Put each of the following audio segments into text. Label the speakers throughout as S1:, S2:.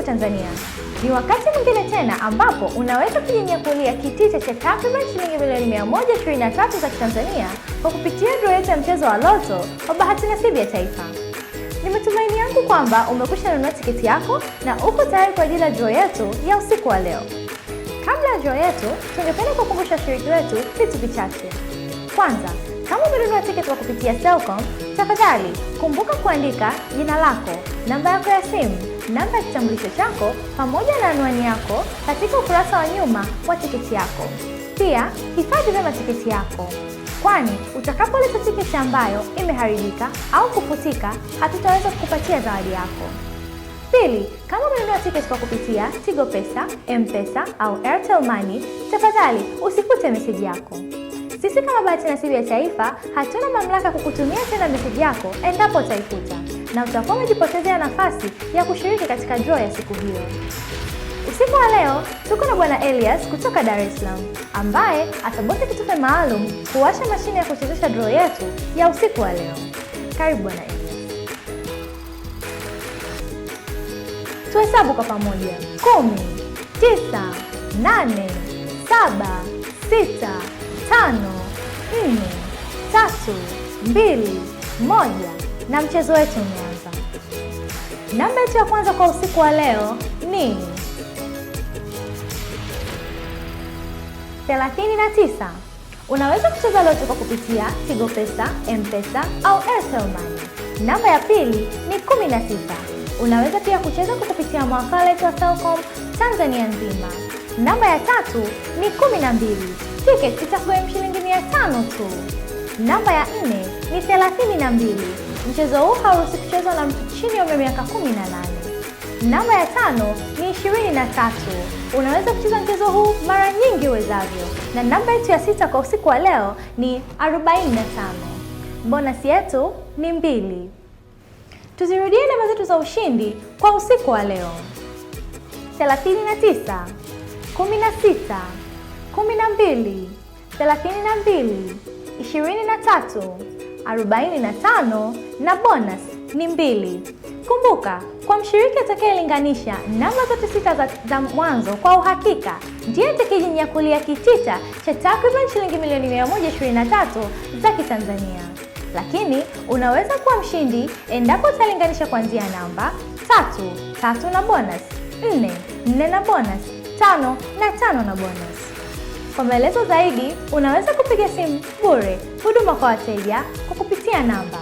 S1: huku Tanzania. Ni wakati mwingine tena ambapo unaweza kujinyakulia kitita cha takriban shilingi milioni 123 za Kitanzania kwa kupitia draw yetu ya mchezo wa loto wa bahati nasibu ya taifa. Ni matumaini yangu kwamba umekwisha nunua tiketi yako na uko tayari kwa ajili ya draw yetu ya usiku wa leo. Kabla ya draw yetu, tungependa kukumbusha washiriki wetu vitu vichache. Kwanza, kama umenunua tiketi kwa kupitia Selcom, tafadhali kumbuka kuandika jina lako, namba yako ya simu namba ya kitambulisho chako pamoja na anwani yako katika ukurasa wa nyuma wa tiketi yako. Pia hifadhi vyema tiketi yako, kwani utakapoleta tiketi ambayo imeharibika au kufutika, hatutaweza kukupatia zawadi yako. Pili, kama umenunua tiketi kwa kupitia Tigo Pesa, M-Pesa au Airtel Money, tafadhali usikute meseji yako. Sisi kama Bahati Nasibu ya Taifa hatuna mamlaka kukutumia tena meseji yako endapo utaifuta na utakuwa umejipotezea nafasi ya kushiriki katika draw ya siku hiyo. Usiku wa leo tuko na Bwana Elias kutoka Dar es Salaam ambaye atabofya kitufe maalum kuwasha mashine ya kuchezesha draw yetu ya usiku wa leo. Karibu Bwana Elias, tuhesabu kwa pamoja: kumi, tisa, nane, saba, sita, tano, nne, tatu, mbili, moja na mchezo wetu umeanza. Namba yetu ya kwanza kwa usiku wa leo ni 39. Unaweza kucheza loto kwa kupitia Tigo Pesa, M-Pesa au Airtel Money. Namba ya pili ni 16. Unaweza pia kucheza kwa kupitia mawakala wa Telkom Tanzania nzima. Namba ya tatu ni 12. Tiketi itakuwa shilingi 500 tu. Namba ya nne ni 32. Mchezo huu hauruhusi kuchezwa na mtu chini ya umri wa miaka 18. Namba ya tano ni 23. Unaweza kucheza mchezo huu mara nyingi uwezavyo, na namba yetu ya sita kwa usiku wa leo ni 45. Bonasi yetu ni mbili. Tuzirudie namba zetu za ushindi kwa usiku wa leo: 39, 16, 12, 32, 23 45 na bonus ni mbili. Kumbuka, kwa mshiriki atakayelinganisha namba zote sita za mwanzo kwa uhakika ndiye atakayejinyakulia kitita cha takriban shilingi milioni 123 za Kitanzania. Lakini unaweza kuwa mshindi endapo utalinganisha kuanzia namba tatu, tatu na bonus, nne, nne na bonus, tano na tano na bonus. Kwa maelezo zaidi, unaweza kupiga simu bure huduma kwa wateja kwa kupitia namba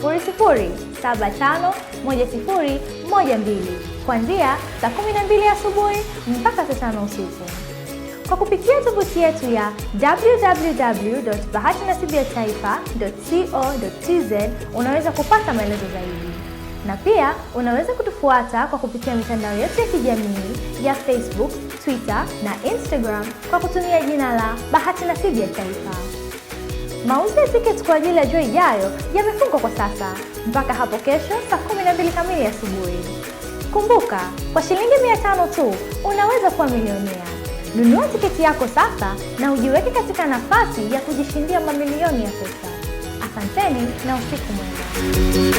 S1: 0800751012 kuanzia saa 12 asubuhi mpaka saa 5 usiku kwa kupitia tovuti yetu ya www.bahatinasibuyataifa.co.tz unaweza kupata maelezo zaidi, na pia unaweza kutufuata kwa kupitia mitandao yetu ya kijamii ya Facebook Twitter na Instagram kwa kutumia jina la Bahati Nasibu ya Taifa. Mauzo ya tiketi kwa ajili ya jua ijayo yamefungwa kwa sasa mpaka hapo kesho saa 12 kamili asubuhi. Kumbuka, kwa shilingi 500 tu unaweza kuwa milionea. Nunua tiketi yako sasa na ujiweke katika nafasi ya kujishindia mamilioni ya pesa. Asanteni na usiku mwema.